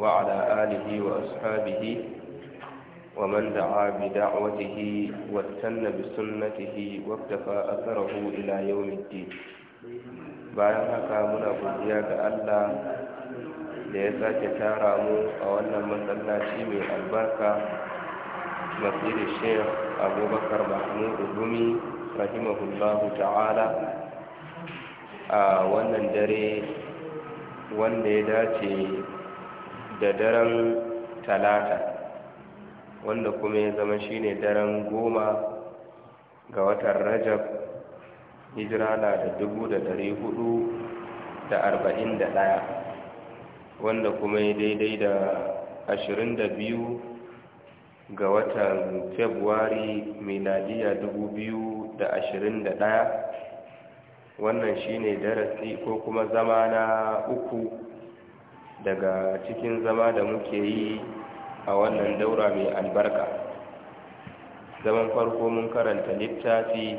وعلى آله وأصحابه ومن دعا بدعوته واتن بسنته واكتفى أثره إلى يوم الدين bayan haka muna godiya ga Allah da ya sake tara mu a wannan masallaci mai albarka masjidin sheikh abubakar mahmud gumi rahimahullahu ta'ala a wannan dare wanda ya dace da daren talata wanda kuma ya zama shine daren goma ga watan rajab hijira na da dubu da dari hudu da arba'in da daya wanda kuma ya daidai da ashirin da biyu ga watan februari miladiya dubu biyu da ashirin da daya wannan shine darasi ko kuma zama na uku daga cikin zama da muke yi a wannan daura mai albarka zaman farko mun karanta littafi a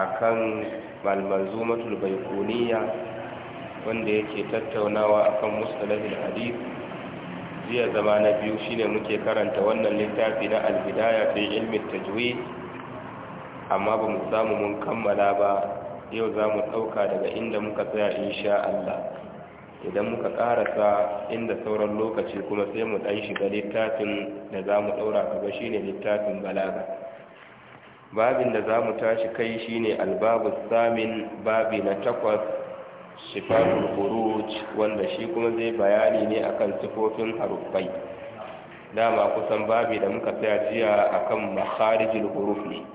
akan malmanzumatul baikuniya wanda yake tattaunawa a kan mustalahil hadith jiya zama na biyu shine muke karanta wannan littafi na albidaya fi ilmin tajwi amma ba mu samu mun kammala ba yau za mu ɗauka daga inda muka tsaya insha Allah idan muka karasa inda sauran lokaci kuma sai mu ɗan shiga littafin da za mu ɗaura gaba shi ne littafin balaga babin da za mu tashi kai shi ne albabu samin babi na takwas shifarul buruj wanda shi kuma zai bayani ne akan sifofin haruffai dama kusan babi da muka tsaya jiya akan makharijul huruf ne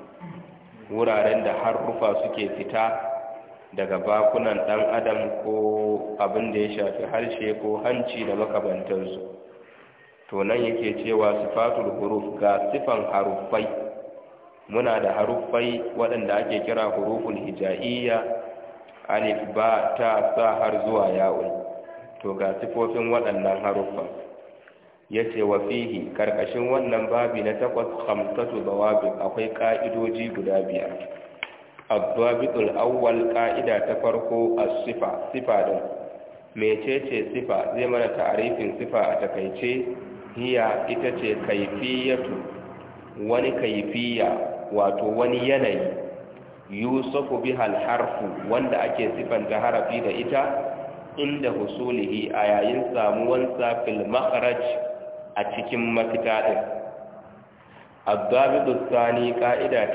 wuraren da harufa suke fita daga bakunan ɗan adam ko abin da ya shafi harshe ko hanci da makabantarsu to nan yake cewa sifatul huruf ga sifan haruffai muna da haruffai waɗanda ake kira huruful hija'iyya alif ba ta sa har zuwa ya'un to ga sifofin waɗannan haruffan ya ce wa fihi ƙarƙashin wannan babi na takwas hamsatu bawabi akwai ƙa'idoji guda biyar abdu'abitul awwal ka'ida ta farko a sifa sifa din mecece sifa zai mana ta'arifin sifa a takaice hiya ita ce kaifiyatu wani kaifiya wato wani yanayi yusufu bihal harfu wanda ake sifanta harafi da ita inda husulihi a yayin samuwansa fil makhraj a cikin mafita ɗin ƙa'ida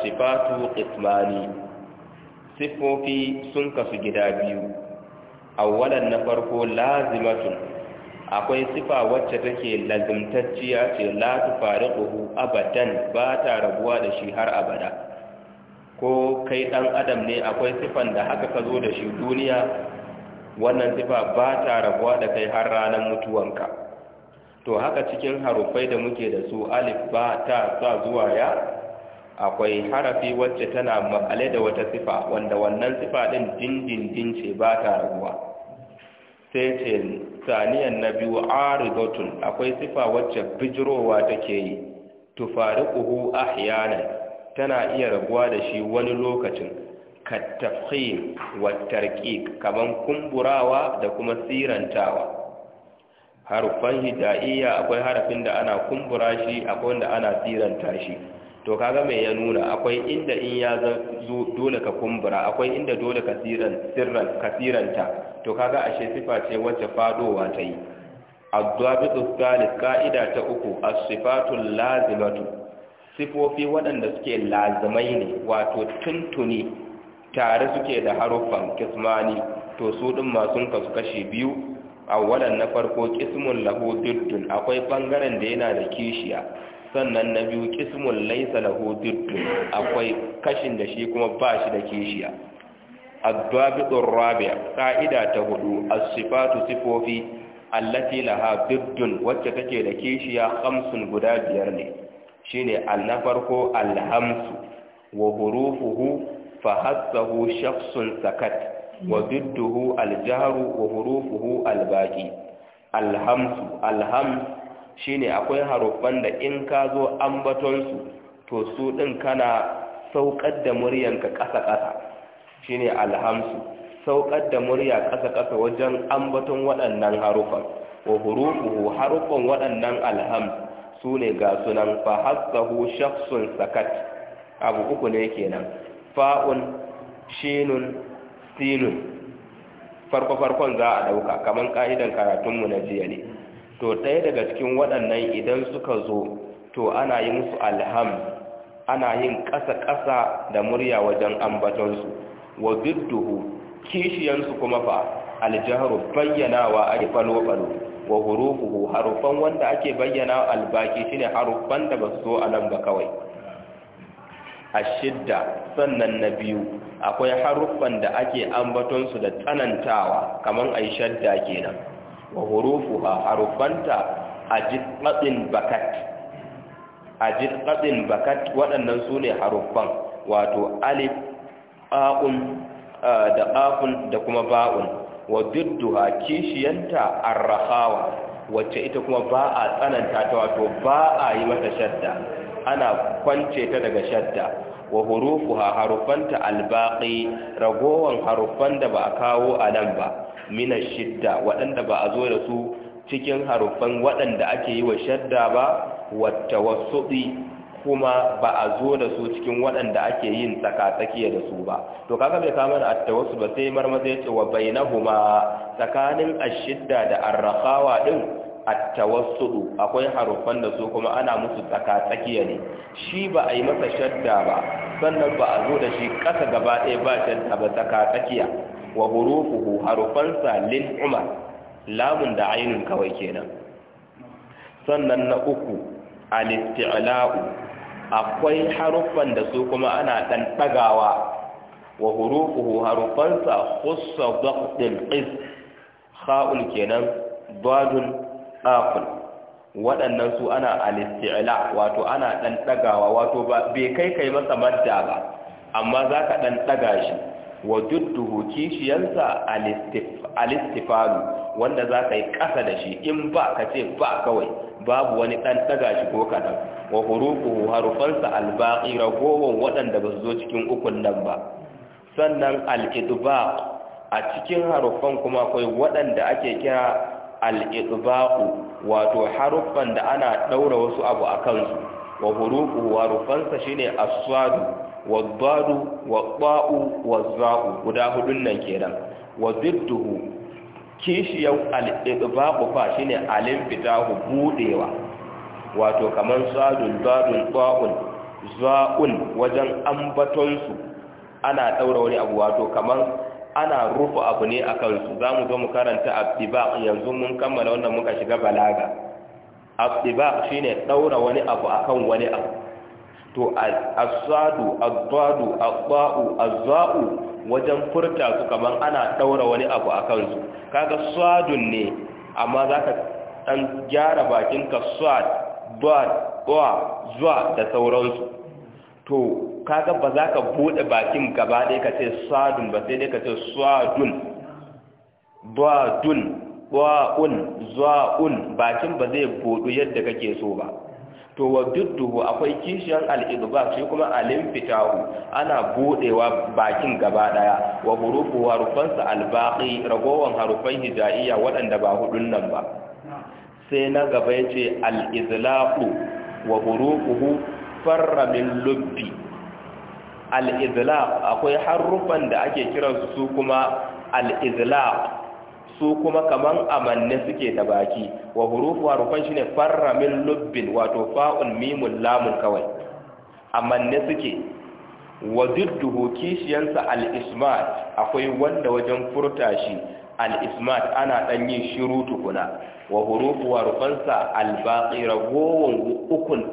Sifatu الثاني sifofi sun kasu gida biyu. A جدابيو na farko lazimatu, akwai sifa wacce take lazimtacciya ce la tufariquhu abadan ba ta rabuwa da shi har abada ko kai ɗan adam ne akwai sifan da haka ka zo da shi duniya wannan sifa ba ta rabuwa da kai har ranar mutuwanka to haka cikin harufai da muke da su alif ba ta sa zuwa ya akwai harafi wacce tana ma'ale da wata sifa wanda wannan sifa din dindindin ce ba ta raguwa sai ce saniyan na biyu a rizotun akwai sifa wacce bijirowa take yi a hiyanar tana iya raguwa da shi wani lokacin katafhim wa tarqiq kaman kumburawa da kuma sirantawa harufan hija'iyya akwai harafin da ana kumbura shi akwai wanda ana tsiranta shi to kaga mai ya nuna akwai inda in ya zo dole ka kumbura akwai inda dole ka tsiranta to kaga ashe sifa ce wacce fadowa ta yi addabitu thalith ka'ida ta uku as lazimatu sifofi waɗanda suke lazimai ne wato tuntuni tare suke da haruffan kismani to su ɗin ma sun kasu kashi biyu awwalan na farko qismun lahu diddun akwai bangaren da yana da kishiya sannan na biyu qismun laysa lahu diddun akwai kashin da shi kuma ba shi da kishiya ad rabi'a rabi' qa'ida ta hudu as-sifatu sifofi allati laha diddun wacce take da kishiya khamsun guda biyar ne shine na farko al-hamsu wa hurufuhu fa hasahu shakhsun sakat wa dudduhu aljaru wa hurufuhu albaqi alhamsu shine akwai haruffan da in ka zo ambaton su to su din kana saukar da muryanka ƙasa ƙasa shine alhamsu saukar da murya ƙasa ƙasa wajen ambaton waɗannan haruffan wa hurufuhu haruffan waɗannan su sune ga sunan fa hassahu shakhsun sakat abu uku ne kenan fa'un shinun silun farko-farkon za a ɗauka kamar ka'idan karatunmu na jiya ne to ɗaya daga cikin waɗannan idan suka zo to ana yi musu alham ana yin ƙasa-ƙasa da murya wajen ambatonsu wa bidduhu kishiyansu kuma fa aljaharu bayyanawa a falo-falo wa hurufuhu harufan wanda ake bayyana albaki shine harufan da ba su zo a nan ba kawai a shidda sannan na biyu akwai haruffan da ake ambatonsu da tsanantawa kamar a shadda kenan wa hurufu a haruffanta a jitsaɗin bakat waɗannan su ne haruffan wato alif da ƙafun da kuma ba'un wa ha kishiyanta arrahawa wacce ita kuma ba a tsananta ta wato ba a yi mata shadda ana kwance ta daga shadda wa hurufuha harufanta albaqi ragowan harufan da ba a kawo a nan ba mina shidda waɗanda ba a zo da su cikin harufan waɗanda ake yi wa shadda ba wata wasuɗi kuma ba a zo da su cikin waɗanda ake yin tsakatsakiya da su ba to kaga bai kama da attawasu ba sai marmaza ya ce wa bainahuma tsakanin ashidda da arrakawa din attawassudu akwai harufan da su kuma ana musu tsaka tsakiya ne shi ba a yi masa shadda ba sannan ba a zo da shi ƙasa gaba ɗaya ba shadda ba tsaka tsakiya wa hurufuhu harufansa lil umar lamun da ainun kawai kenan sannan na uku alisti'la'u akwai harufan da su kuma ana ɗan ɗagawa wa hurufuhu harufansa hussa dhaqdil qis kha'ul kenan dadun aful waɗannan su ana alisti'la wato ana ɗan ɗagawa wato bai kai kai masa madda ba amma za ka ɗan ɗaga shi wa dudduhu kishiyarsa alistifalu wanda za ka yi ƙasa da shi in ba ka ce ba kawai babu wani ɗan ɗaga shi ko kaɗan wa huruku harufansa albaƙi ragowar waɗanda ba su zo cikin ukun nan ba sannan ba a cikin harufan kuma akwai waɗanda ake kira al'ibaku wato haruffan da ana ɗaura wasu abu a kansu wa huruku wa rufansa shi ne aswadu wa badu wa ɓa'u wa za'u guda hudun nan kenan wa zidduhu kishiyar al'ibaku fa shi ne fitahu buɗewa wato kamar sadun badun ɓa'un za'un wajen ambatonsu ana ɗaura wani abu wato kamar ana rufe abu ne a kansu za mu zo mu karanta abdibak yanzu mun kammala wannan muka shiga balaga abdibak shi ne ɗaura wani abu a kan wani abu to asadu abbadu abba'u azza'u wajen furta su kamar ana ɗaura wani abu a kansu kaga sadun ne amma za ka ɗan gyara bakinka sad bad zuwa da sauransu to kaga ba za ka bude bakin gaba ɗaya ka ce sadun ba sai dai ka ce swadun badun wa'un zwa'un bakin ba zai budu yadda kake so ba to wa dudduhu akwai kishiyar al'idba shi kuma alim fitahu ana budewa bakin gaba daya wa hurufu harufansa albaqi ragowan harufan hijaiya waɗanda ba hudun nan ba sai na gaba yace al-izlaqu wa hurufuhu farra min lubbi al-izlaq akwai harufan da ake kiransu su kuma al-izlaq su kuma kaman amanne suke da baki wa hurufu harufan shine farra min lubbin wato fa'un mimun lamun kawai amanne suke wa didduhu kishiyansa al-ismat akwai wanda wajen furta shi al-ismat ana dan yin shiru tukuna wa hurufu harufansa al ukun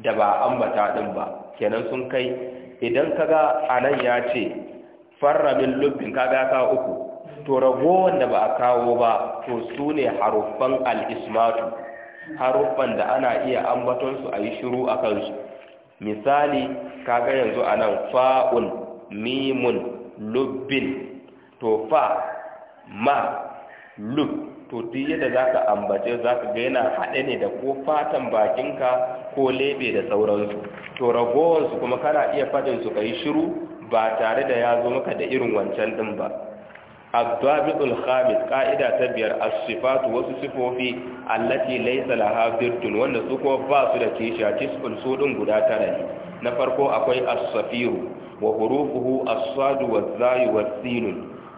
da ba ambata din ba kenan sun kai idan ka kaga anan ya ce farramin min lubbin kaga ka uku to rago da ba a kawo ba to su ne haruffan al'ismatu haruffan da ana iya ambatonsu a yi shiru a kansu misali kaga yanzu a nan fa'un mimun lubbin to fa ma lub to duk yadda za ka ambace za ka gaina haɗe ne da ko fatan bakinka ko lebe da sauransu to ragowarsu kuma kana iya fadin su kai shiru ba tare da ya zo maka da irin wancan ɗin ba abdabitul khamis ka'ida ta biyar as-sifatu wasu sifofi allati laysa laha birtun wanda su kuma ba su da kisha cikin su din guda tara ne na farko akwai as-safiru wa hurufuhu as-sadu zayu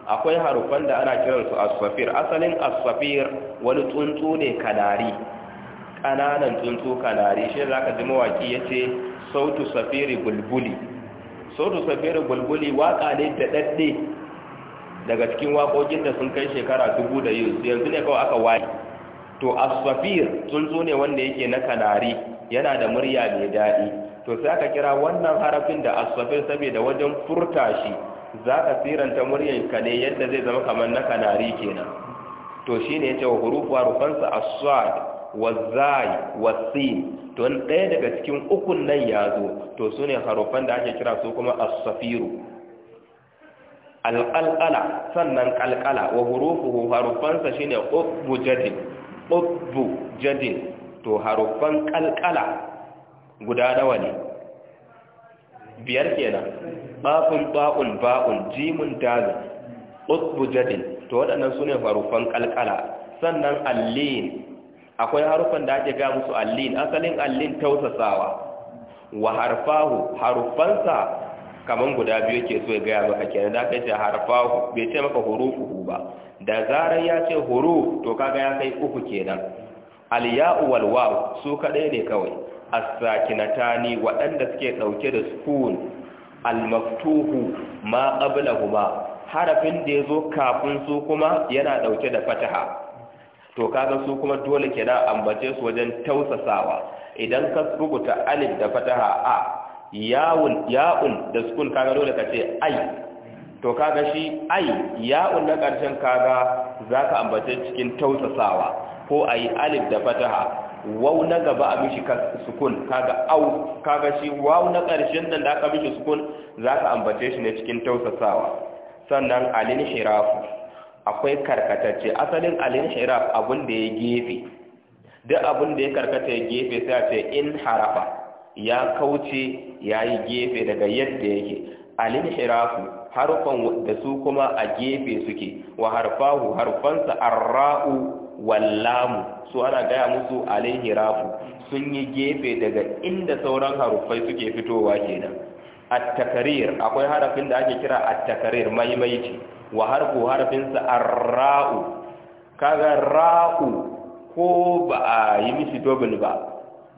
akwai harufan da ana kiransu as-safir asalin as-safir wani tsuntsu ne kanari ƙananan tsuntsu kanari shi za ka ji mawaki ya ce sautu safiri bulbuli sautu safiri bulbuli waƙa ne da ɗaɗɗe daga cikin waƙoƙin da sun kai shekara dubu da yanzu ne kawai aka waye to a safir tsuntsu ne wanda yake na kanari yana da murya mai daɗi to sai aka kira wannan harafin da asafir saboda wajen furta shi za ka siranta muryan ka ne yadda zai zama kamar na kanari kenan to shine ya ce wa hurufu rufansa aswad wazai wasin don ɗaya daga cikin ukun nan ya zo to su ne harufan da ake kira su kuma Asafiru. alƙalƙala sannan ƙalƙala wa hurufu harufansa ne ƙubbu jadin ƙubbu jadin to harufan ƙalƙala guda nawa ne biyar kenan ɓafin ba'un ba'un jimun dalil ƙubbu jadin to waɗannan su ne harufan ƙalƙala sannan allin akwai harufan da ake ga musu allin asalin allin tausasawa wa harfahu harufansa kaman guda biyu ke so ya gaya maka kenan da aka ce harfahu bai ce maka uku ba da zarar ya ce huruf to kaga ya kai uku kenan alya'u wal waw su kadai ne kawai as-sakinatani waɗanda suke ɗauke da sukun al-maftuhu ma qablahuma harafin da ya zo kafin su kuma yana ɗauke da fataha to kaga su kuma dole kenan ambace su wajen tausasawa idan ka rubuta alif da fataha a yaun ya'un da sukun kaga dole ka ce ai to kaga shi ai ya'un na karshen kaga zaka ambace cikin tausasawa ko ai alif da fataha waw na gaba a mishi sukun kaga au kaga shi waw na karshen nan da aka mishi sukun zaka ambace shi ne cikin tausasawa sannan alin hirafu akwai karkatacce asalin al-inhiraf abun da ya gefe duk abun da ya karkata ya gefe sai a ce in harafa ya kauce ya yi gefe daga yadda yake al-inhirafu harfan da su kuma a gefe suke wa harfahu harfansa arra'u wallamu su ana gaya musu al-inhirafu sun yi gefe daga inda sauran harufai suke fitowa kenan at akwai harafin da ake kira at-takarir maimaici wa harfu harfinsa arra'u kaga ra'u ko ba a yi mishi dobin ba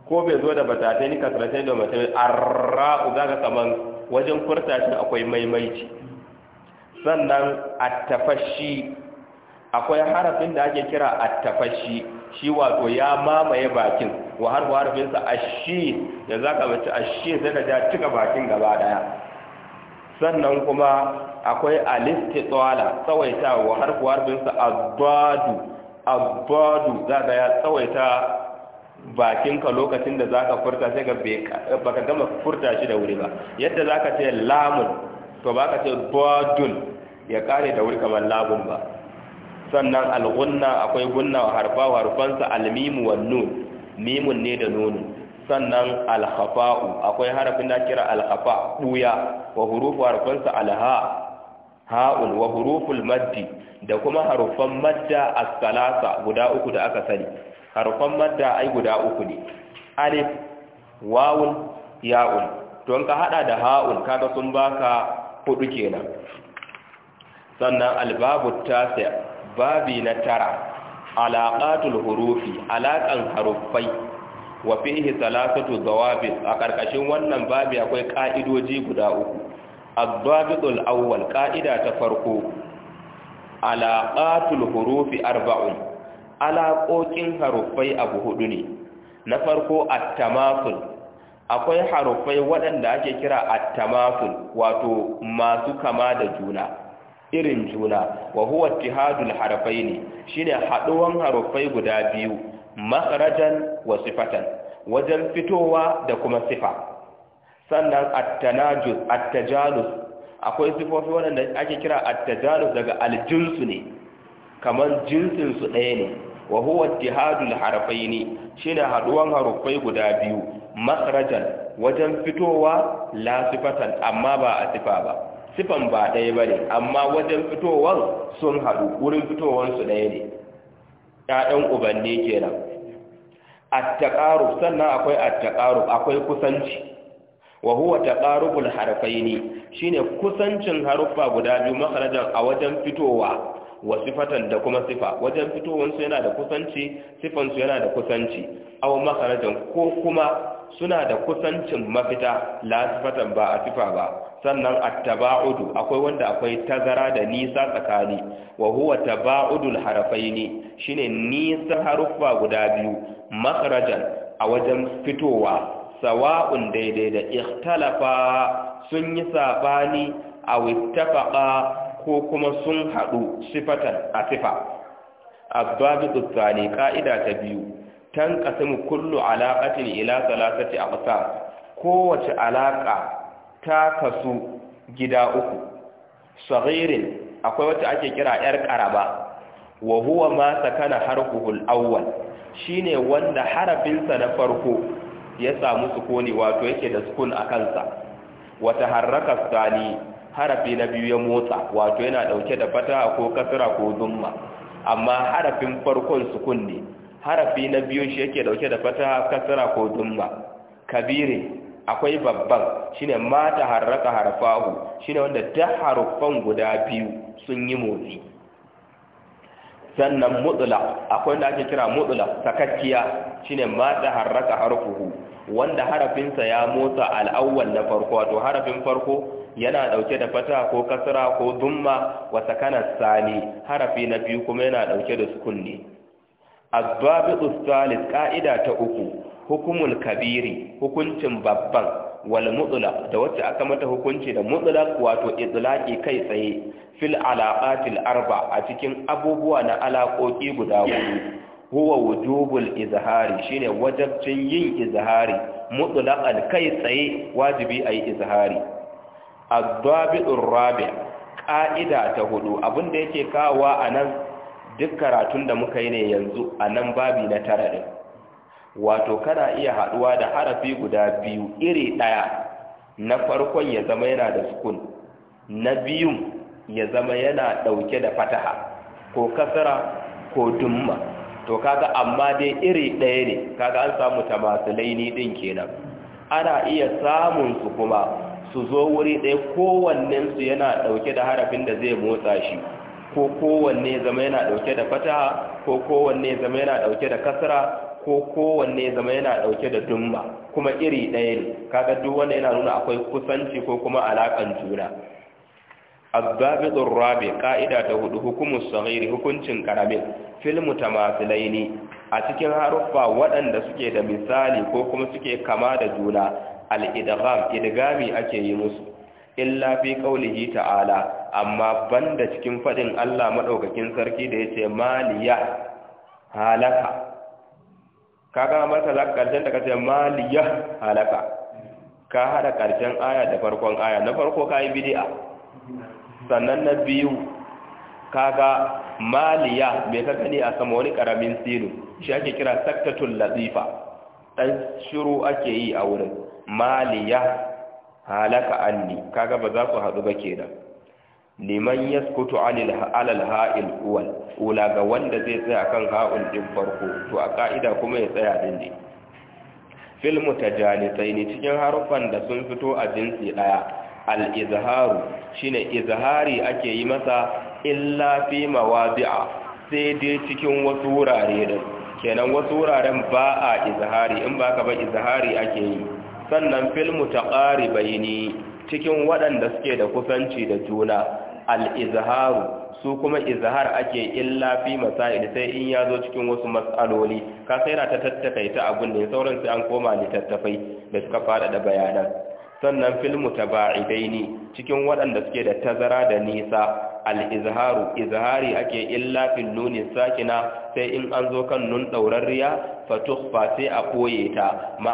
ko bai zo da batatai ni kasratai da mace arra'u zaga kaman wajen furta shi akwai maimaici sannan attafashi akwai harafin da ake kira attafashi shi wato ya mamaye bakin wa harfu harfinsa ashi da zaka mace ashi sai ka ja cika bakin gaba daya sannan kuma akwai tsawaita wa harfi harfinsa abadu abadu za a ya tsawaita bakinka lokacin da zaka furta sai ga baka gama furta shi da wuri ba yadda zaka ce lamun to baka ce badun ya kare da wuri kamar labun ba sannan alhunna akwai gunna harfa harfansa almimu wa nun mimun ne da nunun sannan alhafa'u akwai harafin da kira alhafa ɓuya wa hurufu harfansa alha ha'ul wa huruful maddi da kuma harufan madda as-salasa guda uku da aka sani harufan madda ai guda uku ne alif wawun ya'un don ka hada da ha'un kaga sun baka hudu kenan sannan albabu tasi babi na tara alaqatul hurufi alaqan harufai wa fihi dawabit a karkashin wannan babi akwai ka'idoji guda uku ad-dabitul awwal ka'ida ta farko alaqatul hurufi arba'un alaqoqin harufai abu hudu ne na farko at akwai harufai waɗanda ake kira at wato masu kama da juna irin juna wa huwa ittihadul harfaini shine haɗuwan harufai guda biyu makharajan wa sifatan wajen fitowa da kuma sifa sannan attanajus attajalus akwai sifofi wadanda ake kira attajalus daga aljinsu ne kamar su ɗaya ne wa huwa jihadul harfaini ne haɗuwan harufai guda biyu makarajan wajen fitowa la sifatan amma ba a sifa ba sifan ba ɗaya ne amma wajen fitowan sun haɗu wurin fitowar su ɗaya ne ƴaƴan ubanni kenan at sannan akwai at akwai kusanci wa huwa taqarubul harfaini shine kusancin harufa guda biyu makharajan a wajen fitowa wa sifatan da kuma sifa wajen fitowansu yana da kusanci sifansu yana da kusanci aw makharajan ko kuma suna da kusancin mafita la sifatan ba a sifa ba sannan at-taba'udu akwai wanda akwai tazara da nisa tsakani wa huwa taba'udul harafaini shine nisa haruffa guda biyu makarajan a wajen fitowa sawa'un daidai da ikhtalafa sun yi saɓani, a wittafaqa ko kuma sun haɗu sifatan a sifa abbasu tsani ƙa'ida ta biyu tan ƙasimu kullu alaƙatin ila salasati a ƙasa kowace alaƙa ta kasu gida uku sahirin akwai wacce ake kira 'yar ƙaraba wa huwa ma sakana Hul'awwal shi shine wanda harafinsa na farko ya samu sukuni wato yake da sukun a kansa wata harraka sani harafi na biyu ya motsa wato yana dauke da fata ko kasra ko dumma amma harafin farkon sukun ne harafi na biyu shi yake dauke da fata kasra ko dumma kabire akwai babban shine mata harraka harfahu shine wanda da harfan guda biyu sun yi motsi sannan mutsula akwai wanda ake kira mutsula sakakkiya shine ma da harraka harfuhu wanda harafinsa ya motsa al'awwal na farko wato harafin farko yana dauke da fata ko kasra ko dumma wa sakana sani harafi na biyu kuma yana dauke da ne azbabu ustalis ka'ida ta uku hukumul kabiri hukuncin babban wal mutlaq da wacce aka mata hukunci da mutlaq wato itlaqi kai tsaye fil alaqatil arba a cikin abubuwa na alaƙoƙi guda hudu huwa wujubul izhari shine wajabcin yin izhari mutlaqan kai tsaye wajibi ayi izhari ad rabi' ƙa'ida ta hudu abinda yake kawa anan duk karatun da muka yi ne yanzu anan babi na tara din wato kana iya haduwa da harafi guda biyu iri daya na farkon ya zama yana da sukun na biyun ya zama yana dauke da fataha ko kasara ko dumma to kaga amma dai iri daya ne kaga an samu tamasulaini din kenan ana iya samun su kuma su zo wuri ɗaya kowannen su yana dauke da harafin da zai motsa shi ko kowanne zama yana dauke da fataha ko kowanne zama yana dauke da kasara ko kowanne zama yana ɗauke da dumma kuma iri ɗaya ne kaga duk wanda yana nuna akwai kusanci ko kuma alaƙan juna azzabidur rabi ƙa'ida ta hudu hukumus sagiri hukuncin karamin fil mutamatsilaini a cikin haruffa waɗanda suke da misali ko kuma suke kama da juna al-idgham idgami ake yi musu illa fi qaulihi ta'ala amma banda cikin fadin Allah madaukakin sarki da yace maliya halaka kaga masa za ka karshen da ka maliya halaka ka hada karshen aya da farkon aya na farko ka yi bidi'a sannan na biyu kaga maliya mai ka gani a sama wani karamin silu shi ake kira saktatul latifa dan shiru ake yi a wurin maliya halaka anni kaga ba za ku haɗu ba kenan liman yaskutu alal ha'il uwal ula ga wanda zai tsaya kan ha'ul din farko to a ka'ida kuma ya tsaya din ne fil mutajalisaini cikin harufan da sun fito a jinsi daya al izharu shine izhari ake yi masa illa fi mawadi'a sai dai cikin wasu wurare da kenan wasu wuraren ba a izhari in ba ka ba izhari ake yi sannan fil mutaqaribaini cikin waɗanda suke da kusanci da juna al-izharu su kuma izhar ake illa fi masail sai in ya zo cikin wasu matsaloli ka sai ta tattakaita abun ne sauran sai an koma littattafai da suka fada da bayanan sannan filmu ta baidai ne cikin waɗanda suke da tazara da nisa al-izharu izhari ake illa fi nuni sakina sai in an zo kan nun daurarriya fa ba sai a koye ta ma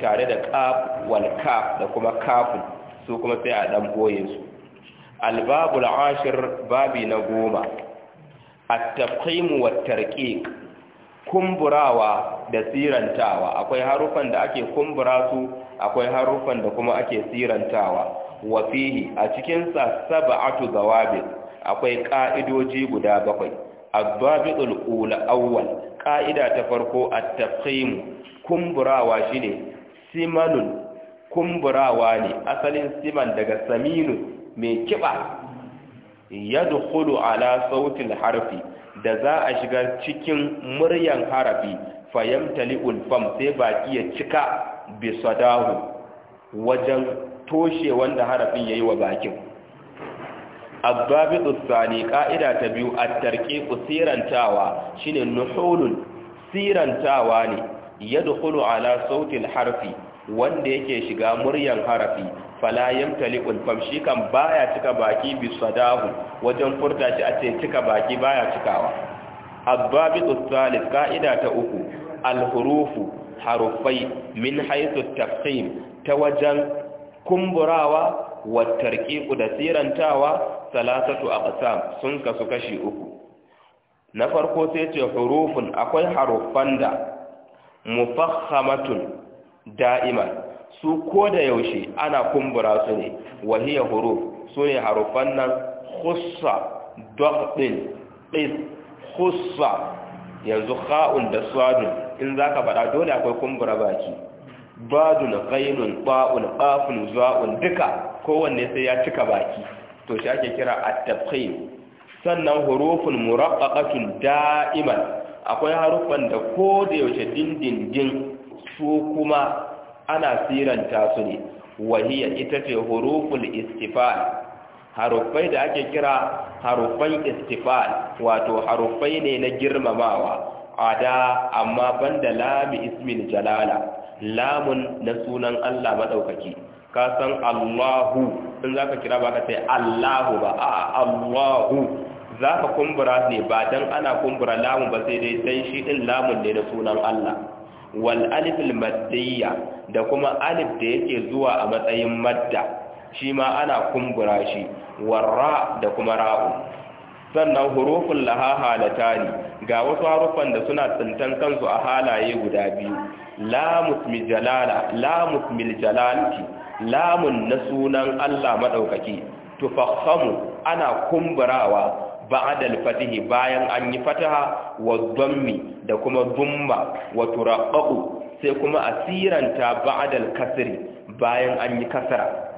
tare da ƙaf wal kaf da kuma kafun su kuma sai a ɗan koye su albabul ashir babi na goma at-tafhim wa kumburawa da sirantawa akwai harufan da ake kumbura su akwai harufan da kuma ake sirantawa wa fihi a cikin sa sab'atu dawabit akwai ka'idoji guda bakwai ad ula awwal ka'ida ta farko at-tafhim kumburawa shine simanun kumburawa ne asalin siman daga saminu mai kiba yadkhulu ala sautin harfi da za a shiga cikin muryan harafi fayamtali ulfam sai baki ya cika bi sadahu wajen toshe wanda harafin yayi wa bakin abbabi sani ka'ida ta biyu at-tarqiqu sirantawa shine nuhulun sirantawa ne Ya yadkhulu ala sautin harfi wanda yake shiga muryan harafi fala yamtali fam shi kan baya cika baki bi sadahu wajen furta shi a ce cika baki baya cikawa abbabitu thalith ka'ida ta uku alhurufu harufai min haythu tafkhim ta wajen kumburawa wa tarqiqu da sirantawa salasatu aqsam sun kasu kashi uku na farko sai ce hurufun akwai harufan da mufakhamatun da'ima su ko da yaushe ana kumbura su ne wahiya huruf su ne harufan nan khussa daqdin is khussa yanzu kha'un da sadun in zaka faɗa dole akwai kumbura baki badun ghainun ba'un qafun za'un duka kowanne sai ya cika baki to shi ake kira at sannan hurufun muraqqaqatun da'iman akwai harufan da ko da yaushe dindindin su kuma ana siranta su ne wahiya ita ce huruful istifal haruffai da ake kira haruffan istifal wato haruffai ne na girmamawa ada amma banda lami ismin jalala lamun na sunan Allah madaukaki ka san Allahu in zaka kira ba ka sai Allahu ba a Allahu zaka kumbura ne ba dan ana kumbura lamun ba sai dai sai shi din lamun ne na sunan Allah wal alif al maddiyya da kuma alif da yake zuwa a matsayin madda shi ma ana kumbura shi warra da kuma ra'u sannan hurufun laha halatani ga wasu harufan da suna tsintan kansu a halaye guda biyu lamus mil jalala lamus mil jalalati lamun na sunan Allah maɗaukaki, tufahhamu ana kumburawa ba'da al-fatihi bayan an yi fataha wa dhammi da kuma dumma wa sai kuma asiranta ba'dal kasri bayan an yi kasara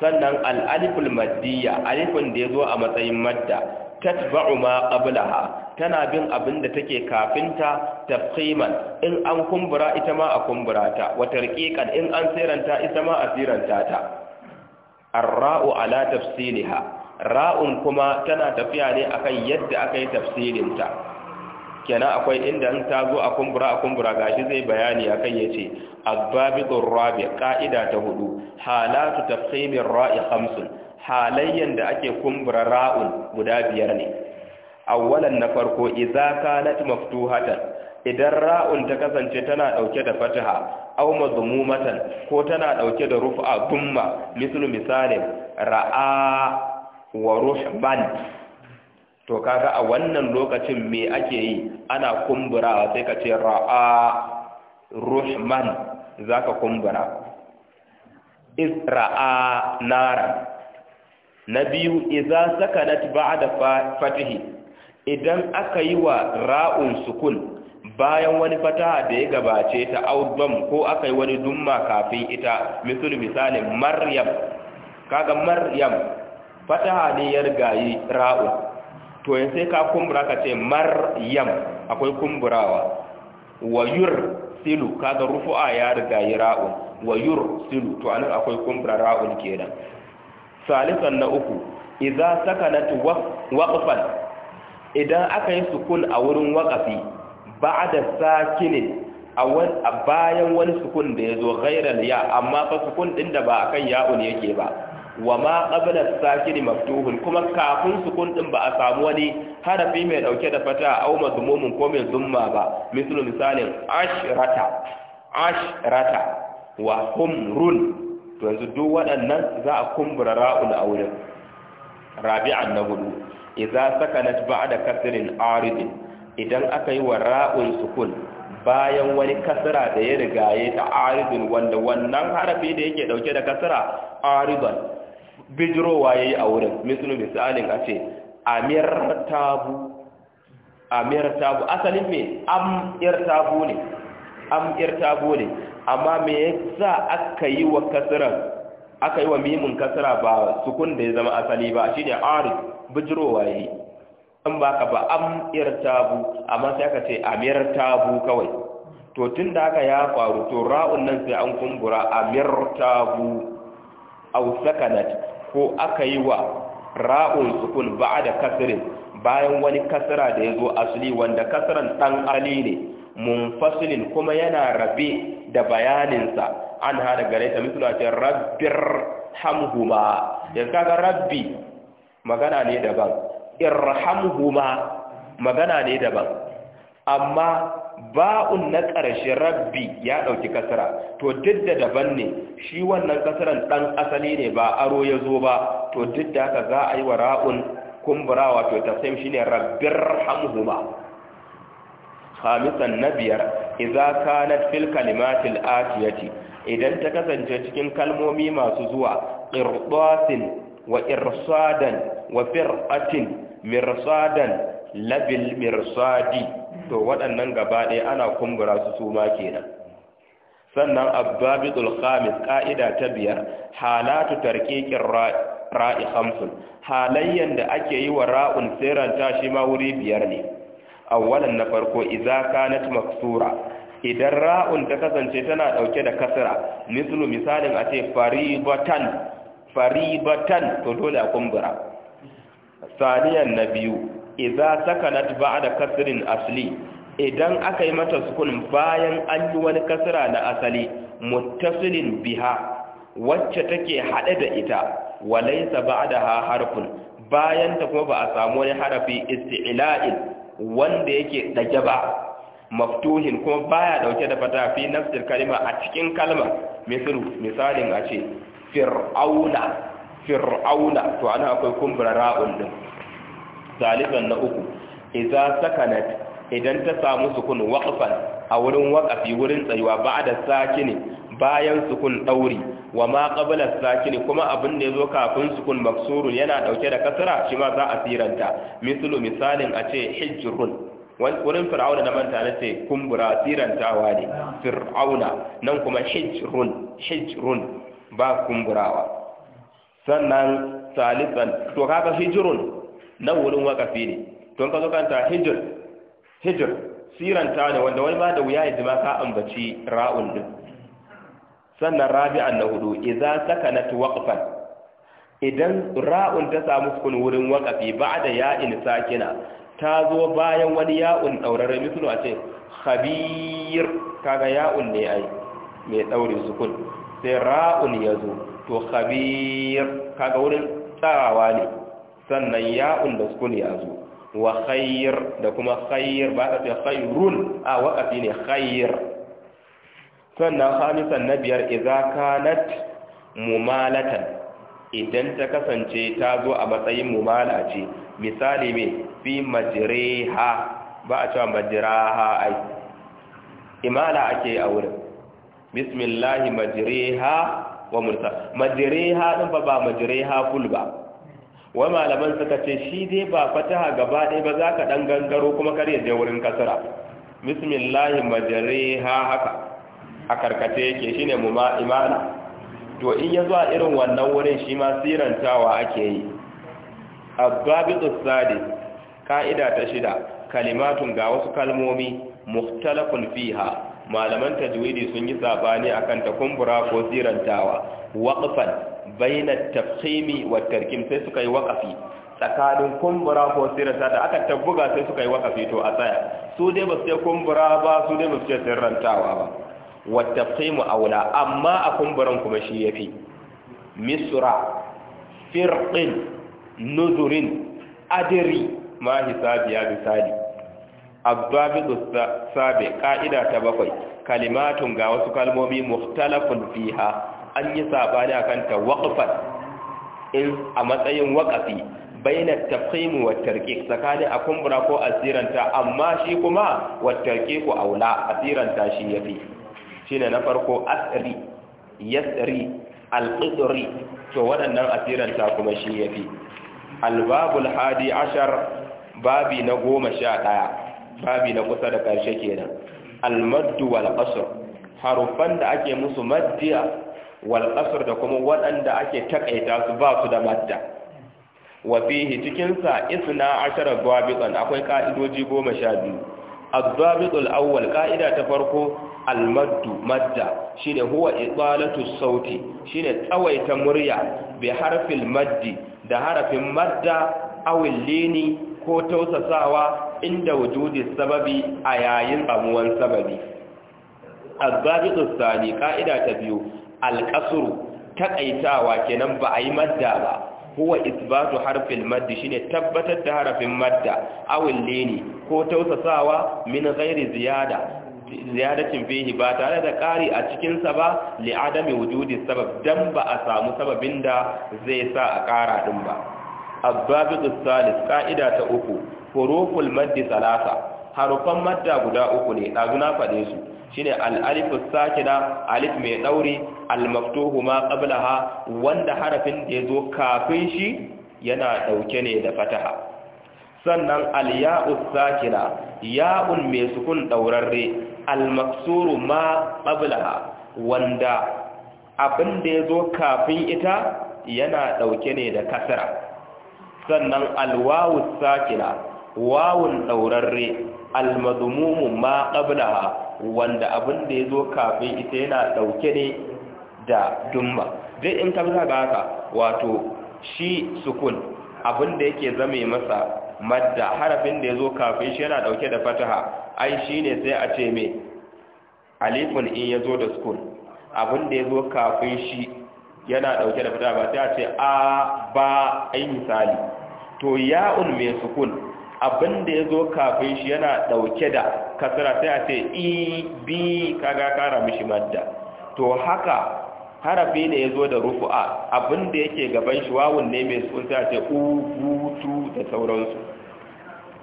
sannan al Madiyya, maddiya alifin da zo a matsayin madda tatba'u ma qablaha tana bin abinda take kafinta tafqiman in an kumbura ita ma a kumburata wa tarqiqan in an siranta ita ma a siranta ta ar-ra'u ala tafsiliha ra'un kuma tana tafiya ne akan yadda aka yi tafsirinta kenan akwai inda in ta zo a kumbura a kumbura gashi zai bayani a akan yace abbabidur rabi qa'ida ta hudu halatu tafsimin ra'i hamsin halayyan da ake kumbura ra'un guda biyar ne awwalan na farko idza kanat maftuhatan idan ra'un ta kasance tana dauke da fataha aw mazmumatan ko tana dauke da rufa dumma mislu misalin ra'a wa ruhban to kaga a wannan lokacin me ake yi ana kumburawa sai ka ce ra'a ruhman zaka kumbura isra'a nara na biyu iza sakanat ba'da fatihi idan aka yi wa ra'un sukun bayan wani fataha da ya gabace ta audbam ko aka yi wani dumma kafin ita misali misalin maryam kaga maryam fataha ne ya rigayi ra'un to yanzu sai ka kumbura ka ce maryam akwai kumburawa wa yursilu rufu rufu'a ya riga yi ra'un wa silu to anan akwai kumbura ra'un kenan salisan na uku idza sakanat waqfan idan aka yi sukun a wurin waqafi ba'da sakinin a bayan wani sukun da ya zo ghairal ya amma fa sukun din da ba akan ya'un yake ba wa ma qabla sakiri maftuhun kuma kafin sukun din ba a samu wani harafi mai dauke da fata auma zumumin ko mai zumma ba mislu misalin ashrata ashrata wa humrun to yanzu duk waɗannan za a kumbura ra'ul wurin. rabi'an na hudu idza sakanat ba'da kasrin aridin idan aka yi wa ra'un sukun bayan wani kasra da ya rigaye ta aridin wanda wannan harafi da yake dauke da kasra aridan bijirowa ya yi a wurin misali misalin a ce amir tabu asalin me amir tabu ne amir tabu ne amma me yasa aka yi wa kasran aka yi wa mimin kasira ba sukun da ya zama asali ba shine arif bijirowa ya yi in ba ka ba amir tabu amma sai aka ce amir tabu kawai to tun da aka ya faru to ra'un nan sai an kumbura amir tabu aw sakanat ko aka yi wa ra'un sukun ba da kasirin bayan wani kasira da ya zo asali wanda kasiran ɗan ali ne munfasilin kuma yana rabe da bayaninsa an haɗa gare ta mitula ce rabbir hamhuma Ya kaga rabbi magana ne daban irhamhuma magana ne daban amma ba'un na ƙarshe rabbi ya ɗauki kasara to duk da daban ne shi wannan kasaran ɗan asali ne ba aro ya zo ba to duk da haka za a yi wa ra'un kumbura wato tafsir shi ne rabbin hamhuma khamisan na biyar izaka na fil kalimatil atiyati idan ta kasance cikin kalmomi masu zuwa qirdatin wa irsadan wa firqatin mirsadan labil mirsadi to waɗannan gaba ɗaya ana kumbura su su ma kenan sannan abbabitul khamis ka'ida ta biyar halatu tarqiqir ra'i khamsun halayyan da ake yi wa ra'un ta shi ma wuri biyar ne awwalan na farko idza kanat maksura idan ra'un ta kasance tana dauke da kasra mislu misalin a ce faribatan faribatan to dole a kumbura saniyan na biyu idza sakanat ba'da kasrin asli idan aka yi mata sukun bayan an yi wani kasra na asali muttasilin biha wacce take hade da ita walaysa ba'daha harfun bayan ta kuma ba a samu wani harafi isti'la'il wanda yake dage ba maftuhin kuma baya dauke da fata fi nafsir kalima a cikin kalma misalu misalin a ce fir'auna fir'auna to ana akwai kumbura ra'un din salisan na uku idza sakanat idan ta samu sukun waqfan a wurin waqafi wurin tsayuwa ba'da sakini bayan sukun dauri wa ma qabla sakini kuma abin da yazo kafin sukun maksurun yana dauke da kasra shi ma za a siranta mislu misalin a ce hijrun wurin fir'auna na manta na ce kumbura sirantawa ne fir'auna nan kuma hijrun hijrun ba kumburawa sannan salisan to kaga hijrun nan wurin wakafi ne don ka zo kanta hijir hijir siranta ne wanda wani ma da wuya ya jima ka ambaci ra'un din sannan rabi'an na hudu idza sakanat waqfan idan ra'un ta samu sukun wurin wakafi ya in sakina ta zo bayan wani ya'un daurare mislu a ce khabir kaga ya'un ne ai mai daure sukun sai ra'un yazo to khabir kaga wurin tsarawa ne sannan ya'un da sukun ya zo wa khayr da kuma khayr ba ta fi khayrun a waqafi ne khayr sannan khamisan na biyar idza kanat mumalatan idan ta kasance ta zo a matsayin mumala ce misali me fi majriha ba a cewa majiraha ai imala ake a wurin bismillah majriha wa mursa majriha din fa ba majriha ful ba wa malaman suka ce shi dai ba fataha gaba ɗaya ba za ka ɗan gangaro kuma kar ya wurin kasara bismillahi majariha haka a karkace yake shine muma imana to in ya zuwa irin wannan wurin shi ma sirantawa ake yi abbabitu sadi ka'ida ta shida kalimatun ga wasu kalmomi mukhtalafun fiha malaman tajwidi sun yi sabani akan ta kumbura ko sirantawa waqfan baina tafkhimi wa tarkim sai suka yi waqafi tsakanin kumbura ko sirranta da aka tabbuga sai suka yi waqafi to a tsaya su dai ba su ce kumbura ba su dai ba su ce sirrantawa ba wa tafkhimu aula amma a kumburan kuma shi yafi misra firqin nuzurin adri ma hisabi ya misali abbabidu sabe ka'ida ta bakwai kalimatun ga wasu kalmomi mukhtalafun fiha an yi sabani a kanta waqfan in a matsayin waƙafi baina tafhim wa tarqiq tsakanin a kumbura ko asiranta amma shi kuma wa tarqiq aula asiranta shi yafi shine na farko asri yasri al-qidri to waɗannan asiranta kuma shi yafi albabul hadi ashar babi na 11, babi na kusa da ƙarshe kenan almaddu wal qasr harufan da ake musu maddiya wal asr da kuma waɗanda ake takaita su ba su da madda wa fihi cikin sa isna ashara dhabitan akwai ka'idoji 12 adh-dhabitul awwal ka'ida ta farko al-maddu madda shine huwa ibalatu sauti shine tsawaita murya bi harfil maddi da harafin madda awin lini ko tausasawa inda wujudi sababi a yayin samuwan sababi الضابط الثاني ta تبيو alƙasuru taƙaitawa kenan ba a yi madda ba huwa isbatu harfin maddi shine tabbatar da harafin madda awil leni ko tausasawa min ghairi ziyada ziyadatin fihi ba tare da ƙari a cikinsa ba li'adami wujudi sabab dan ba a samu sababin da zai sa a ƙara din ba abbabu salis ka'ida ta uku huruful maddi salasa harufan madda guda uku ne ɗazu na faɗe su shine al-alifu sakina alif mai ɗauri al-maftuhu ma qablaha wanda harafin da yazo kafin shi yana ɗauke ne da fataha sannan al sakina ya'un mai sukun ɗaurarre al-maksuru ma qablaha wanda abin da zo kafin ita yana ɗauke ne da kasara sannan al sakina wawun ɗaurarre almadumumu ma qablaha wanda abin da ya zo kafin ita yana dauke ne da dumma zai in ka ga haka wato shi sukun abin da yake zame masa madda harafin da ya zo kafin shi yana dauke da fataha ai ne sai a ce me alifun in ya zo da sukun abin da ya zo kafin shi yana dauke da fataha ba sai a ce a ba ai misali to ya'un mai sukun abin da ya zo kafin shi yana ɗauke da kasara sai a ce e b kaga kara mishi madda to haka harafi ne ya zo da rufu'a abin da yake gaban shi wawun ne mai sun sai a ce ubutu da sauransu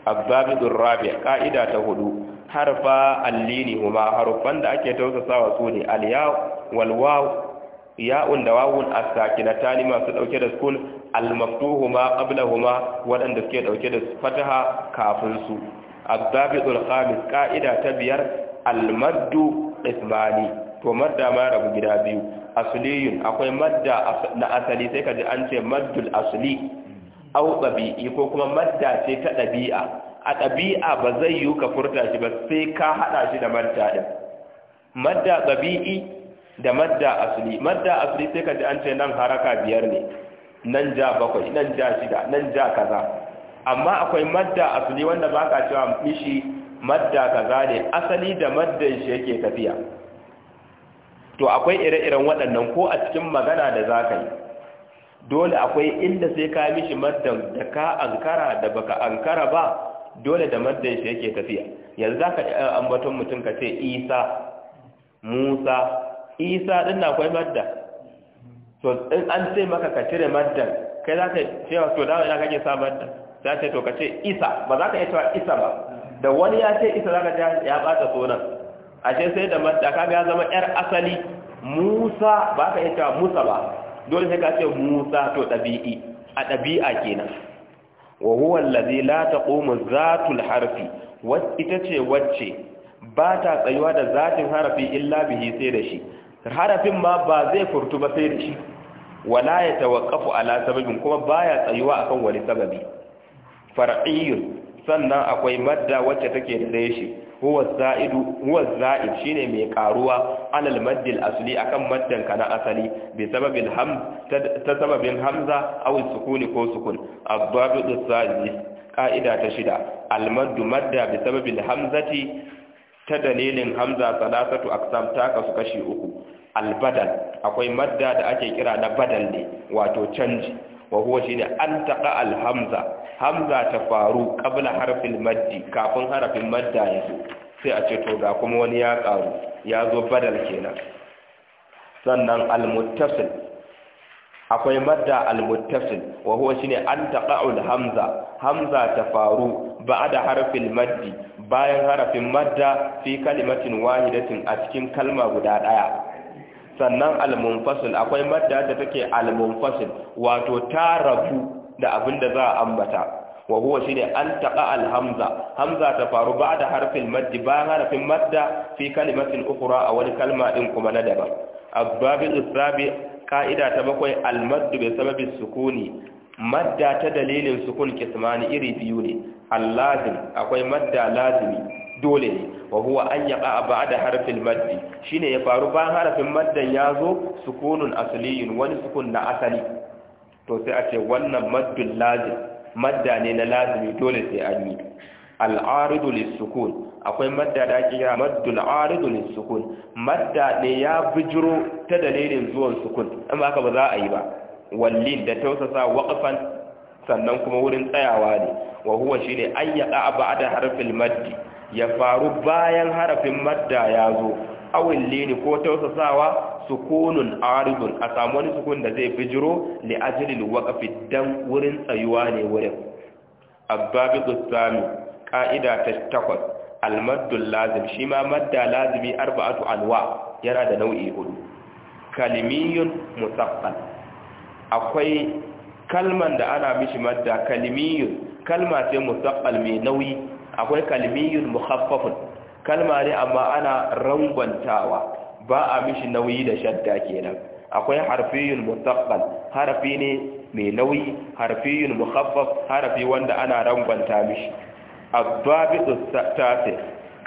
ababidun rabia ka'ida ta hudu harfa allini huma harufan da ake tausasawa su ne alyaw walwaw ya'un da wawun as-sakinatani masu dauke da sukun al-maftuhuma qablahuma wadanda suke dauke da fataha kafin su az-zabitul khamis qa'ida ta biyar al-maddu ismani to madda ma rabu gida biyu asliyun akwai madda na asali sai kaji an ce maddul asli au ɗabi'i ko kuma madda ce ta ɗabi'a a ɗabi'a ba zai yi ka furta shi ba sai ka haɗa shi da madda din. madda ɗabi'i da madda asli madda asli sai ka ji an ce nan haraka biyar ne nan ja bakwai nan ja shida nan ja kaza amma akwai madda asali wanda ba ka cewa mishi madda kaza ne asali da maddan shi yake tafiya to akwai ire-iren waɗannan ko a cikin magana da za ka yi dole akwai inda sai ka mishi maddan da ka ankara da baka ankara ba dole da maddan shi yake tafiya yanzu za ka eh, ambaton mutum ka ce isa musa isa din na akwai madda to in an ce maka ka cire maddan kai za ka cewa to dawo ina kake sa maddan za ce to ka ce isa ba za ka iya cewa isa ba da wani ya ce isa za ka ya bata sunan ce sai da madda ka ya zama yar asali musa ba ka iya cewa musa ba dole sai ka ce musa to ɗabi'i a ɗabi'a kenan wa huwa allazi la taqumu zatul harfi ita ce wacce ba ta tsayuwa da zatin harafi illa bihi sai da shi harafin ma ba zai furtu ba sai da shi wala ya tawakkafu ala sababin kuma baya tsayuwa akan wani sababi far'iyyun sannan akwai madda wacce take da ɗaya shi huwa za'idu huwa za'id shine mai karuwa alal maddil asli akan maddan kana asali bi ta sababin hamza aw sukuni ko sukun abubuwa da sadis ka'ida ta shida al maddu madda bi sababil hamzati ta dalilin hamza salasatu aksam ta kasu kashi uku albadal akwai madda da ake kira na badal ne wato canji wa huwa shine an taqa alhamza hamza ta faru qabla harfin maddi kafin harfin madda ya zo sai a ce to ga kuma wani ya karu ya zo badal kenan sannan almuttasil akwai madda almuttasil wa huwa shine an taqa alhamza hamza ta faru ba'da harfin maddi bayan harafin madda fi kalimatin wahidatin a cikin kalma guda daya sannan al-munfasil akwai madda da take al-munfasil wato ta rabu da abinda za a ambata wa huwa shine an al-hamza hamza ta faru ba'da harfin maddi bayan harafin madda fi kalimatin ukhra a wani kalma din kuma na daban abbabil sabi ka'ida ta bakwai al-maddu bi sababi sukuni madda ta dalilin sukun kismani iri biyu ne allazim akwai madda lazimi dole ne wa huwa an yaqa ba'da harfin maddi shine ya faru ba harfin maddan ya zo sukunun asaliyin wani sukun na asali to sai a ce wannan maddun lazim madda ne na lazimi dole sai an yi al'aridu sukun akwai madda da ake kira al'aridu aridu sukun, madda ne ya bijiro ta dalilin zuwan sukun amma haka ba za a yi ba walli da tausasa waqfan sannan kuma wurin tsayawa ne wa huwa shine ayyaka ba'da harfil maddi ya faru bayan harafin madda ya zo awin lini ko tausasawa sukunun aridun a samu wani sukun da zai bijiro li ajilil waqfi dan wurin tsayuwa ne wurin abbabi qusami ka'ida ta takwas almaddul lazim shi madda lazimi arba'atu anwa yana da nau'i hudu kalimiyun mutaqqal akwai kalman da ana mishi madda kalimiyun kalma ce mustaqbal mai nauyi akwai kalimiyun mukhaffafun kalma ne amma ana rangwantawa ba a mishi nauyi da shadda kenan akwai harfiyun mustaqbal harfi ne mai nauyi harfiyun mukhaffaf harfi wanda ana rangwanta mishi abbabitu tasi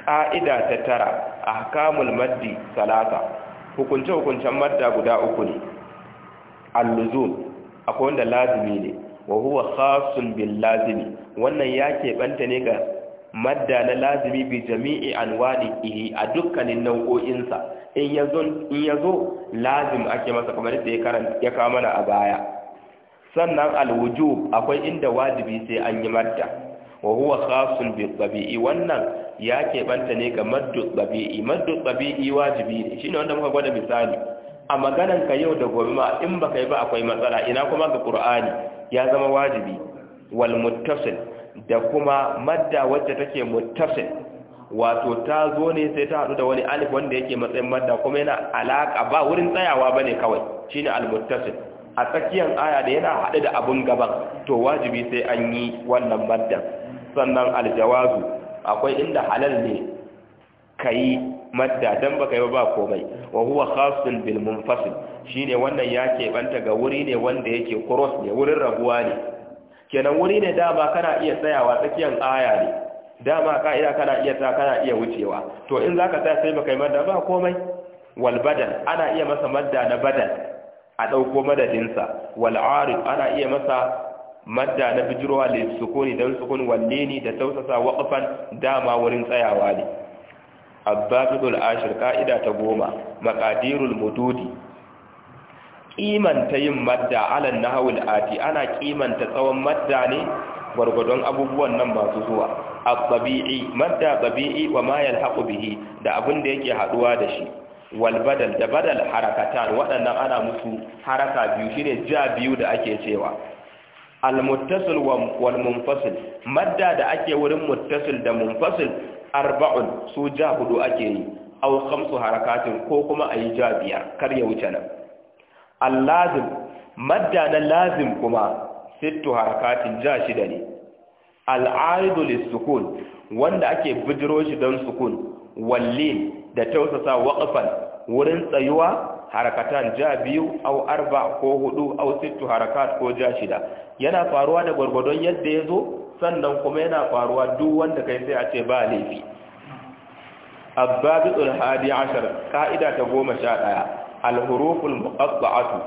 ka'ida ta tara ahkamul maddi salata hukunce hukuncen madda guda uku ne al-luzum akwai wanda lazimi ne wa huwa khasun bil lazimi wannan ya keɓanta ne ga madda na lazimi bi jami'i anwadihi a dukkanin nau'o'insa in yazo in lazim ake masa kamar da ya karanta ya kawo mana a baya sannan al akwai inda wajibi sai an yi madda wa huwa khasun bi tabi'i wannan ya keɓanta ne ga maddu tabi'i maddu tabi'i wajibi ne shine wanda muka gwada misali a maganan ka yau da gobe ma in baka yi ba akwai matsala ina kuma ga qur'ani ya zama wajibi wal muttasil da kuma madda wacce take muttasil wato ta zo ne sai ta hadu da wani alif wanda yake matsayin madda kuma yana alaka ba wurin tsayawa bane kawai shine al muttasil a tsakiyar aya da yana haɗe da abun gaban to wajibi sai an yi wannan maddan sannan aljawazu akwai inda halal ne kayi madda dan baka yi ba komai wa huwa khasun bil munfasil shine wannan ya banta ga wuri ne wanda yake cross ne wurin rabuwa ne kenan wuri ne dama kana iya tsayawa tsakiyar aya ne dama ka'ida kana iya ta kana iya wucewa to in zaka tsaya sai baka yi madda ba komai wal badal ana iya masa madda na badal a dauko madadinsa wal arif ana iya masa madda na bijirowa da sukuni don sukun wanne da tausasa waqfan dama wurin tsayawa ne abbaqidul ashir ka'ida ta goma maqadirul mududi kimanta yin madda alan nahawil ati ana kimanta tsawon madda ne gwargwadon abubuwan nan masu zuwa abbabi'i madda babi'i wa ma yalhaqu bihi da abin da yake haduwa da shi wal badal da badal harakatan waɗannan ana musu haraka biyu shine ja biyu da ake cewa al muttasil wal munfasil madda da ake wurin muttasil da munfasil arba'un su ja hudu ake yi au khamsu harakatin ko kuma ayi yi ja biyar kar ya wuce nan allazim madda na lazim kuma sittu harakatin ja shida ne al'aridu lissukun wanda ake bijiro shi don sukun wallin da tausasa waqfan wurin tsayuwa harakatan ja biyu au arba ko hudu au sittu harakat ko ja shida yana faruwa da gwargwadon yadda ya zo sannan kuma yana faruwa duk wanda kai sai a ce ba laifi abbasul hadi ashar ka'ida ta goma sha ɗaya alhuruful muqatta'atu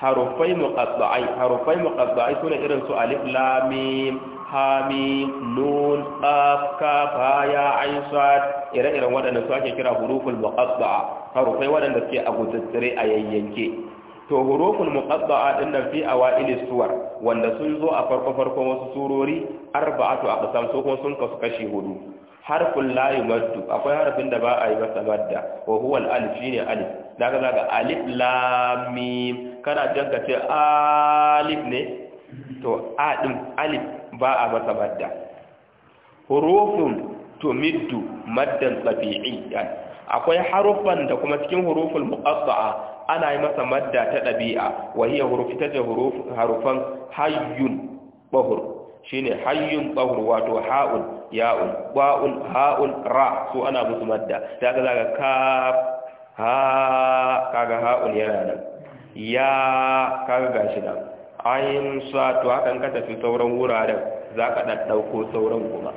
harufai muqatta'ai harufai muqatta'ai sune irin su alif lam mim ha mim nun qaf kaf ha ya ain sad ire-iren waɗanda su ake kira huruful muqatta'a harufai waɗanda suke a gutsatsire a yayyanke to huruful muqatta'a din nan fi awailis suwar wanda sun zo a farko farkon wasu surori arba'atu aqsam su kuma sun kasu kashi hudu harfun Layu yumaddu akwai harfin da ba a yi masa madda wa huwa alif shine alif daga daga alif lam kana jan ka ce alif ne to a alif ba a masa madda hurufun tumiddu maddan tabi'iyyan akwai haruffan da kuma cikin huruful muqatta'a ana yi masa madda ta dabi'a wahiya hiya ta huruf harufan hayyun bahur shine hayyun bahur wato ha'un ya'un ba'un ha'un ra su ana musu madda daga zaka ka ha kaga ha'un yana nan ya kaga gashi nan ayin sa to hakan ka tafi sauran wuraren zaka daddauko sauran kuma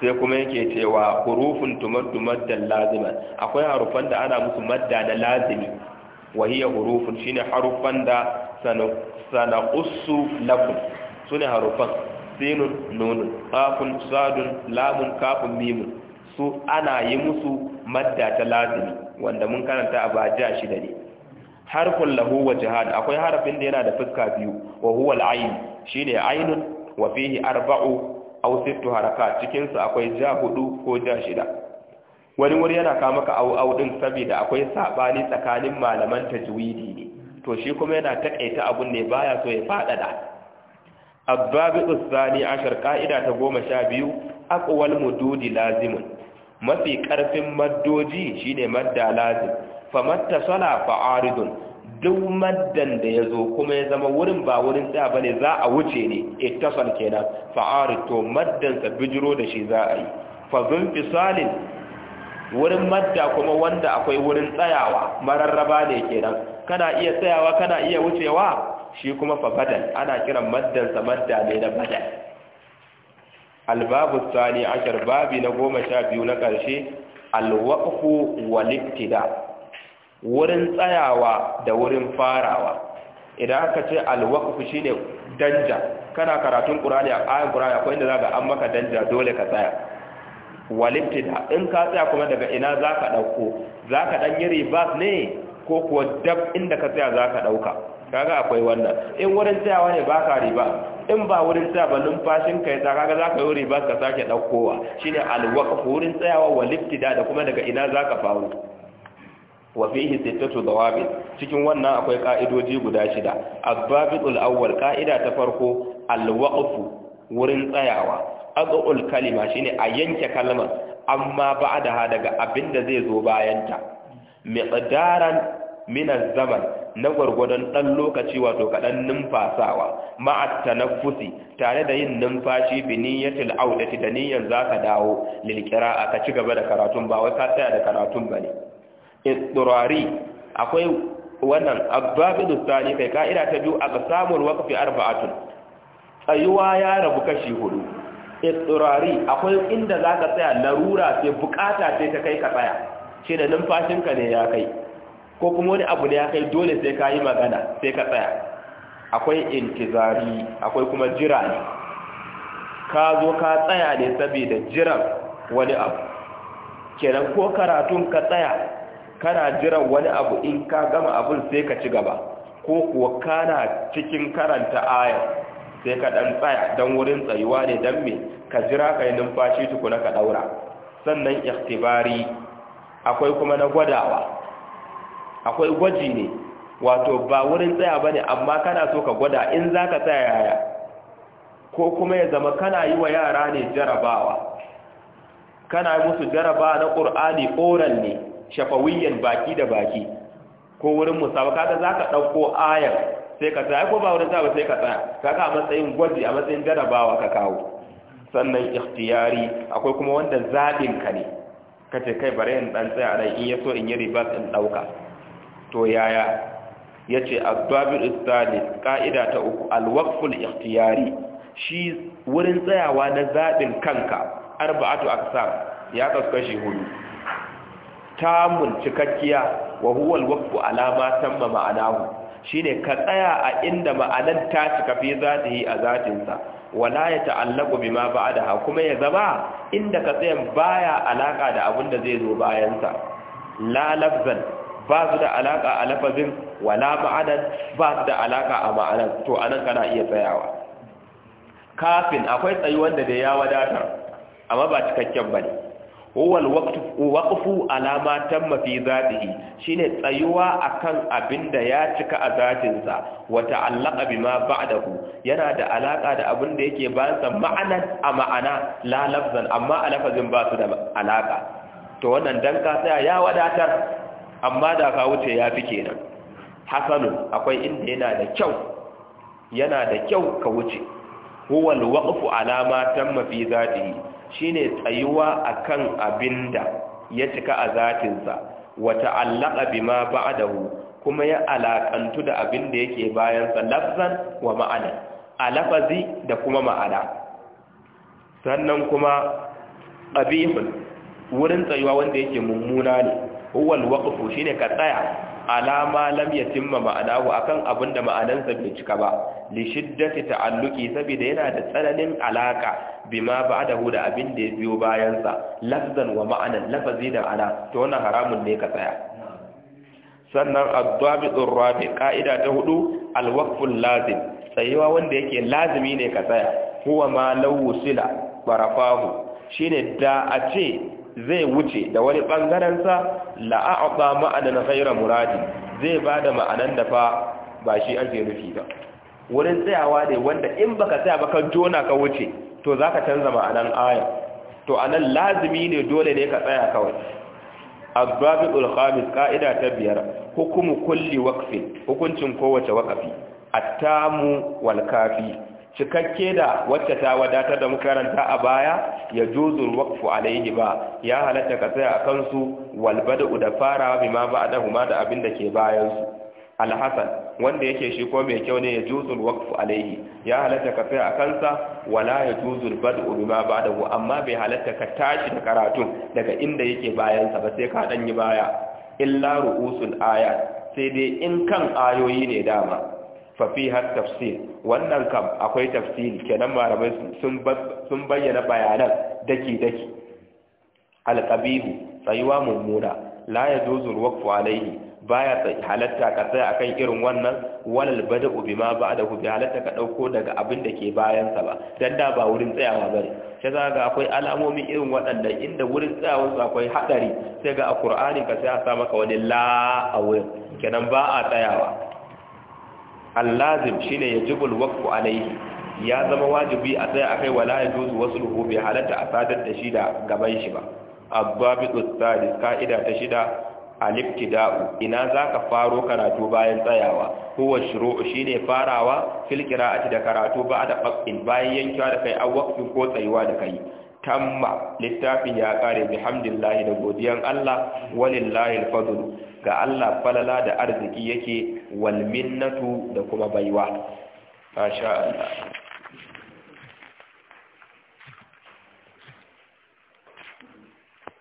sai kuma yake cewa hurufun tumaddu maddan lazima akwai harufan da ana musu madda da lazimi wa hiya hurufun shine harufan da sanaqussu su ne harufan sinun nunun qafun sadun lamun kafun mimun su ana yi musu madda ta lazimi wanda mun karanta a baja shida ne Harfin lahu wa jihad akwai harafin da yana da fuska biyu wa huwa al shine ainun wa fihi arba'u au sittu haraka cikin su akwai ja hudu ko ja shida wani wuri yana kama ka au au din saboda akwai sabani tsakanin malaman tajwidi ne to shi kuma yana takaita abun ne baya so ya fadada abbabi usani ashar ƙa'ida ta goma sha biyu aqwal mududi lazimun mafi karfin maddoji shine madda lazim famatta sala aridun duk maddan da ya zo kuma ya zama wurin ba wurin tsaya ba ne za a wuce ne ittasal kenan fa'arid to maddansa bijiro da shi za a yi fazun fisalin wurin madda kuma wanda akwai wurin tsayawa mararraba ne kenan kana iya tsayawa kana iya wucewa shi kuma fa badal ana kiran maddansa madda ne na badal albabu tsani ashar babi na goma sha biyu na ƙarshe alwaƙu walittida wurin tsayawa da wurin farawa idan aka ce alwaqfu shine danja kana karatun qur'ani a ayan qur'ani akwai inda zaka an maka danja dole ka tsaya walibtida in ka tsaya kuma daga ina zaka dauko zaka dan yi ribas ne ko kuwa dab inda ka tsaya zaka dauka kaga akwai wannan in wurin tsayawa ne baka riba in ba wurin tsaya ba numfashin kai ta kaga zaka yi ribas ka sake daukowa shine alwaqfu wurin tsayawa walibtida da kuma daga ina zaka faru wa fihi sittatu dawabit cikin wannan akwai ka'idoji guda shida azbabitul awwal ka'ida ta farko alwaqfu wurin tsayawa azul kalima shine a yanke kalmar amma ha daga abinda zai zo bayan ta miqdaran min zaman na gwargwadon ɗan lokaci wato kaɗan numfasawa ma'at tanaffusi tare da yin numfashi bi niyyatil audati da niyyar zaka dawo lil qira'a ka ci gaba da karatun ba wai ka tsaya da karatun bane istirari akwai wannan abbabidu sani kai ka'ida ta biyu a samun waqfi arba'atun tsayuwa ya rabu kashi hudu istirari akwai inda zaka tsaya larura sai bukata sai ta kai ka tsaya shi da numfashinka ne ya kai ko kuma wani abu ne ya kai dole sai ka yi magana sai ka tsaya akwai intizari akwai kuma jira ne ka zo ka tsaya ne saboda jiran wani abu kenan ko karatun ka tsaya kana jiran wani abu in ka gama abin sai ka ci gaba ko kuwa kana cikin karanta ayar sai ka dan tsaya dan wurin tsayuwa ne dan me ka jira kai numfashi tukuna ka daura sannan ikhtibari akwai kuma na gwadawa akwai gwaji ne wato ba wurin tsaya bane amma kana so ka gwada in zaka tsaya yaya ko kuma ya zama kana yi wa yara ne jarabawa kana musu jarabawa na qur'ani oral ne shafawiyyan baki da baki ko wurin musabaka da zaka dauko ayar sai ka tsaya ko ba wurin tsaya sai ka tsaya kaga a matsayin gwaji a matsayin darabawa ka kawo sannan ikhtiyari akwai kuma wanda zabin ka ne kace kai bare in dan tsaya dai in yaso in yi ribas in dauka to yaya yace adabir istali ka'ida ta uku alwaqful ikhtiyari shi wurin tsayawa na zabin kanka arba'atu aqsam ya kaskashi hudu tamun cikakkiya wa huwa alwaqfu ala ma tamma ma'anahu shine ka tsaya a inda ma'anar ta cika fi zatihi a zatinsa wala ya ta'allaqu bima ba'daha kuma ya zama inda ka tsaya baya alaka da abin da zai zo bayan sa la lafzan ba su da alaka a lafazin wala ma'anan ba su da alaka a ma'anan to anan kana iya tsayawa kafin akwai tsayuwar da da ya wadatar amma ba cikakken bane huwal waqfu ala ma tamma fi zatihi shine tsayuwa akan abinda ya cika a zatinsa wa ta'allaqa bima ba'dahu yana da alaka da abinda yake bayan sa ma'anan a ma'ana la lafzan amma a lafazin ba su da alaka to wannan dan ka tsaya ya wadatar amma da ka wuce ya fi kenan Hassanu akwai inda yana da kyau yana da kyau ka wuce huwal waqfu ala ma tamma fi zatihi shine tsayuwa a akan abinda ya cika a zatinsa wata wa ma bima dahu? kuma ya alakantu da abinda yake bayan sa lafzan wa ma'ana alafazi da kuma ma'ana sannan kuma qabihun wurin tsayuwa wanda yake mummuna ne huwal waqfu shine ka tsaya alama lam yatimma ma'anahu akan abin da ma'anansa bai cika ba li shiddati ta'alluqi saboda yana da tsananin alaka bima ba'dahu da abin da ya biyo bayan sa lafzan wa ma'anan lafazi da ana to wannan haramun ne ka tsaya sannan ad-dabitur rabi qa'ida ta hudu al-waqful lazim tsayewa wanda yake lazimi ne ka tsaya huwa ma law wusila barafahu shine da a ce zai wuce da wani ɓangarensa ma'ana ma'anan haira muradi zai ba da ma'anan da fa ba shi ake nufi ba wurin tsayawa ne wanda in baka tsaya baka jona ka wuce to za ka canza ma'anan aya to a nan lazimi ne dole ne ka tsaya kawai abbabi ulhamis ka'ida ta biyar hukumu kulli wakfin hukuncin kowace wakafi attamu wal cikakke da wacce ta wadatar da makaranta a baya ya juzul waqfu alaihi ba ya halatta ka tsaya a kansu wal bada'u da farawa bima ba'da huma da abin da ke bayan su alhasan wanda yake shi ko mai kyau ne ya juzul waqfu alaihi ya halatta ka tsaya a kansa wala ya juzul bada'u bima hu amma bai halatta ka tashi da karatun daga inda yake bayan sa ba sai ka dan yi baya illa ru'usul ayat sai dai in kan ayoyi ne dama har tafsir wannan kam akwai tafsiri kenan malamai sun bayyana bayanan daki daki alqabihu tsayuwa mummuna la yajuzu waqfu alaihi baya halatta ka tsaya akan irin wannan walal bada'u bima ba'dahu bi halatta ka dauko daga abin da ke bayan sa ba dan da ba wurin tsayawa bare sai za ga akwai alamomi irin waɗannan inda wurin tsayawar su akwai hadari sai ga a ka sai a sa maka wani la a kenan ba a tsayawa allazim shine yajibul waqfu alaihi ya zama wajibi a tsaya kai wala yajuzu wasu bai halatta a sadar da shi da gaban shi ba abbabitu sadis ka'ida ta shida al-ibtida'u ina zaka faro karatu bayan tsayawa huwa shuru'u shine farawa fil ci da karatu da faqin bayan yankewa da kai a awqin ko tsayuwa da kai tamma littafin ya kare bihamdillahi da godiyan Allah walillahi alfadl ga Allah falala da arziki yake wal minnatu da kuma baiwa masha Allah